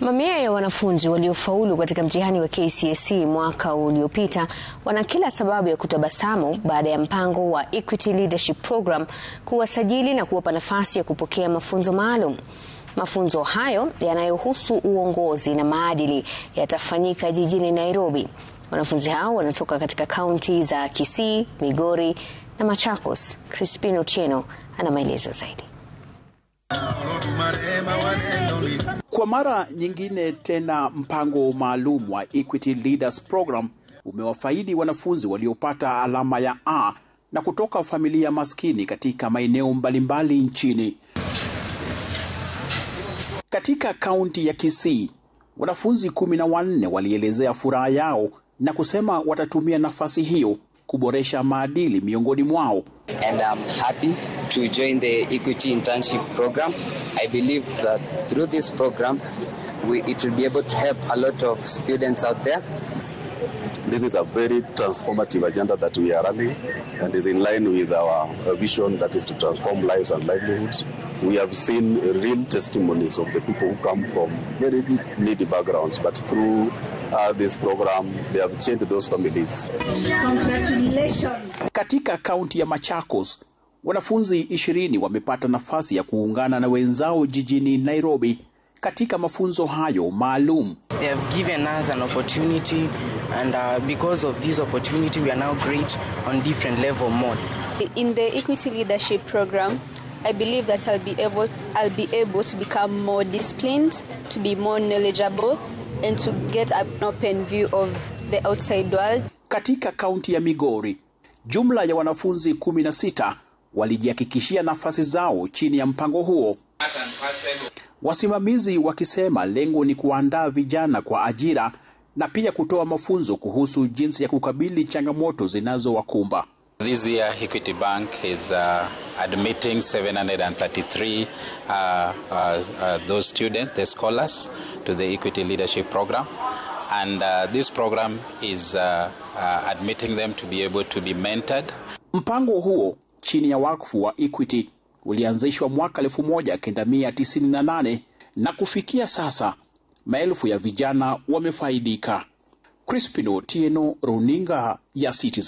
Mamia ya wanafunzi waliofaulu katika mtihani wa KCSE mwaka uliopita wana kila sababu ya kutabasamu baada ya mpango wa Equity Leadership Program kuwasajili na kuwapa nafasi ya kupokea mafunzo maalum. Mafunzo hayo yanayohusu uongozi na maadili yatafanyika jijini Nairobi. Wanafunzi hao wanatoka katika kaunti za Kisii, Migori na Machakos. Crispino Cheno ana maelezo zaidi. Kwa mara nyingine tena, mpango maalum wa Equity Leaders Program umewafaidi wanafunzi waliopata alama ya A na kutoka familia maskini katika maeneo mbalimbali nchini. Katika kaunti ya Kisii, wanafunzi kumi na wanne walielezea furaha yao na kusema watatumia nafasi hiyo kuboresha maadili miongoni mwao. And I'm happy to join the Equity Internship program. I believe that through this program, we, it will be able to help a lot of students out there. This is a very transformative agenda that we are running and is in line with our vision that is to transform lives and livelihoods. We have seen real testimonies of the people who come from very needy backgrounds, but through uh, this program. They have changed those families. Congratulations. Katika kaunti ya Machakos wanafunzi ishirini wamepata nafasi ya kuungana na wenzao jijini Nairobi katika mafunzo hayo maalum. They have given us an opportunity and uh, because of this opportunity we are now great on different level In the Equity Leadership Program, I believe that I'll be able, I'll be able to become more disciplined, to be more knowledgeable and to get an open view of the outside world. Katika kaunti ya Migori, jumla ya wanafunzi 16 walijihakikishia nafasi zao chini ya mpango huo, wasimamizi wakisema lengo ni kuandaa vijana kwa ajira na pia kutoa mafunzo kuhusu jinsi ya kukabili changamoto zinazowakumba. This year, Equity Bank is uh, admitting 733 uh, uh, uh, those students, the scholars, to the Equity Leadership Program. And uh, this program is uh, uh, admitting them to be able to be mentored. Mpango huo chini ya wakfu wa Equity ulianzishwa mwaka 1998 na kufikia sasa maelfu ya vijana wamefaidika. Crispino Tieno, Runinga ya Citizen.